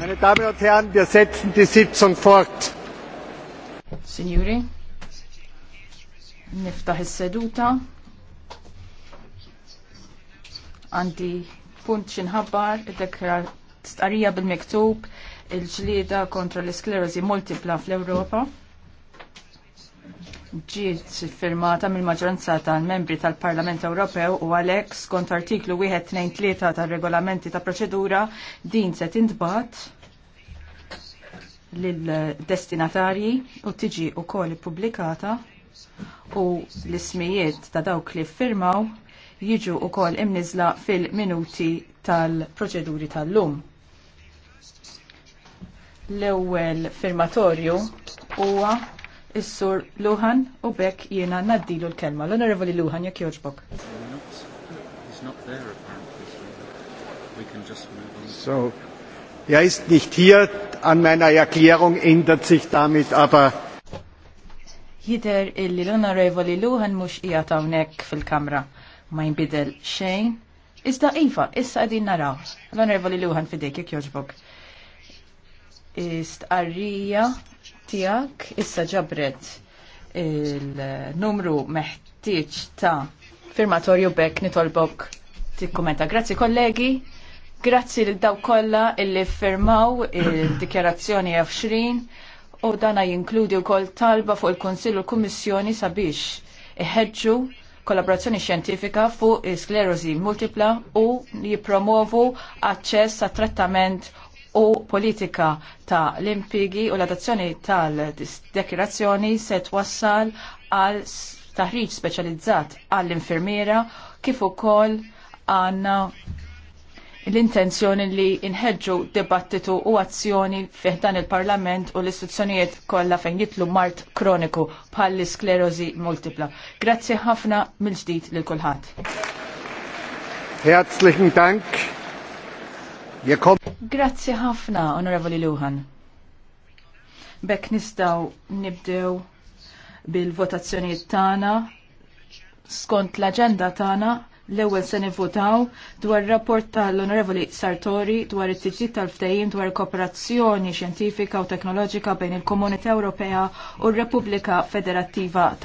Meine Damen und Herren, wir setzen die Sitzung fort. Signori, niftaħ is-seduta. Għandi punt xinħabbar id t starija bil-miktub il-ġlieda kontra l-isklerosi multipla fl europa ġiet firmata mill-maġġoranza tal-membri tal-Parlament Ewropew u għalhekk skont artiklu 123 tar-regolamenti ta' proċedura din se tintbagħat lill-destinatarji u tiġi wkoll ippubblikata u l-ismijiet ta' dawk li ffirmaw jiġu wkoll imniżla fil-minuti tal-proċeduri tal-lum. L-ewwel firmatorju huwa is-sur Luhan u bekk jiena naddilu l-kelma. L-Onorevoli Luhan jekk jogħġbok. So, er ist nicht hier, an meiner Erklärung ändert sich damit aber Jider illi l-Onorevoli Luhan mux qiegħed hawnhekk fil-kamra ma jinbidel xejn. Iżda iva, issa qegħdin naraw. L-Onorevoli Luhan fidejk jekk Ist arrija tijak issa ġabret il-numru meħtieġ ta' firmatorju bekk nitolbok tikkumenta. Grazzi kollegi, grazzi l daw kolla illi firmaw il-dikjarazzjoni 20 u dana jinkludi u kol talba fuq il-Konsil u l-Kummissjoni sabiex iħedġu kollaborazzjoni xjentifika fuq sklerosi multipla u jipromovu aċċess għat trattament u politika ta' l-impigi u l-adazzjoni tal-dekirazzjoni se twassal għal taħriġ speċjalizzat għall-infermiera kif ukoll għandna l-intenzjoni li inħedġu dibattitu u azzjoni fih dan il-Parlament u l-istituzzjonijiet kollha fejn jitlu mart kroniku bħall sklerozi multipla. Grazzi ħafna mill-ġdid lil kulħadd. Herzlichen Dank. Grazzi ħafna, Onorevoli Luhan. Bek nistaw nibdew bil-votazzjonijiet tagħna skont l-aġenda tagħna l-ewwel se nivvotaw dwar rapport tal-Onorevoli Sartori dwar it-tiġdid tal-ftehim dwar kooperazzjoni xjentifika u teknoloġika bejn il-Komunità Ewropea u r-Repubblika Federattiva